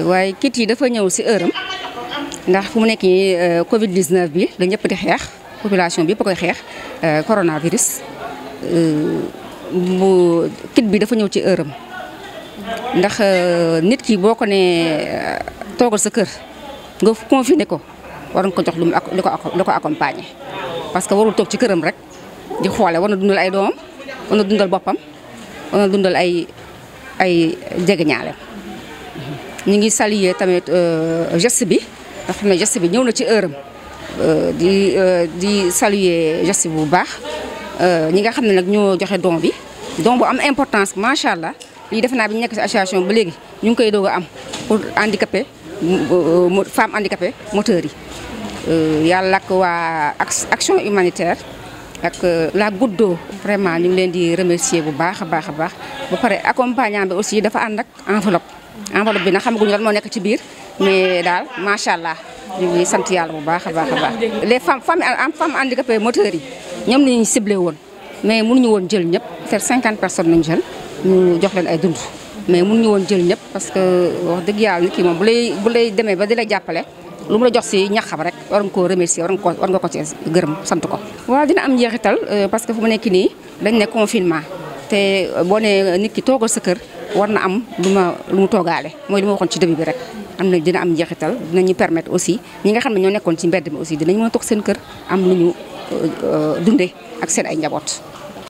waaye kit yi dafa ñëw si heure am ndax fu mu nekk nii euh, Covid 19 bi la ñëpp di xeex population bi yëpp koy xeex euh, coronavirus euh, bu kit bi dafa ñëw ci heure am ndax nit ki boo ko nee toogal sa kër nga confiné ko war nga ko jox lu mu li ko li ko accompagner parce que warul toog ci këram rek di xoole war na dundal ay doomam war na dundal boppam war na dundal ay ay jegeñaaleem ñu ngi salié eh, tamit euh geste bi ndax xamné ne geste bi ñëw na ci heure eh, di eh, di salué geste bu baax euh ñi nga xamné nak ñoo joxé don bi don bu am importance ma sha allah li defe naa bi ñek ci association ba légui ñu ngi koy doga am pour handicapé femme handicapé moteur yi euh yalla ak wa action humanitaire ak la goutte vraiment ñu ngi leen di remercier bu baaxa baaxa baax bu paré accompagnant bi aussi dafa and ak enveloppe enveloppe bi nag xamaguñu lan moo nekk ci biir mais daal macha allah ñu sant yàlla bu baax a baax a baax. les femmes femmes femmes handicapées moteurs yi ñoom la ñu woon mais mënuñu woon jël ñëpp te 50 personnes nañ jël ñu jox leen ay dund. mais mënuñu woon jël ñëpp parce que wax dëgg yàlla nit ki moom bu lay demee ba di la jàppale lu mu la jox si ñaxam rek war nga koo remercier war nga koo war nga ko ci gërëm sant ko. waaw dina am njeexital euh, parce que fu te boo nit ki toogal sa kër war na am lu ma lu mu toogaale mooy li ma waxoon ci début bi rek am na dina am njeexital dinañu permettre aussi ñi nga xam ne ñoo nekkoon ci mbedd mi aussi dinañ mën a toog seen kër am lu ñu euh, euh, dundee ak seen ay njaboot.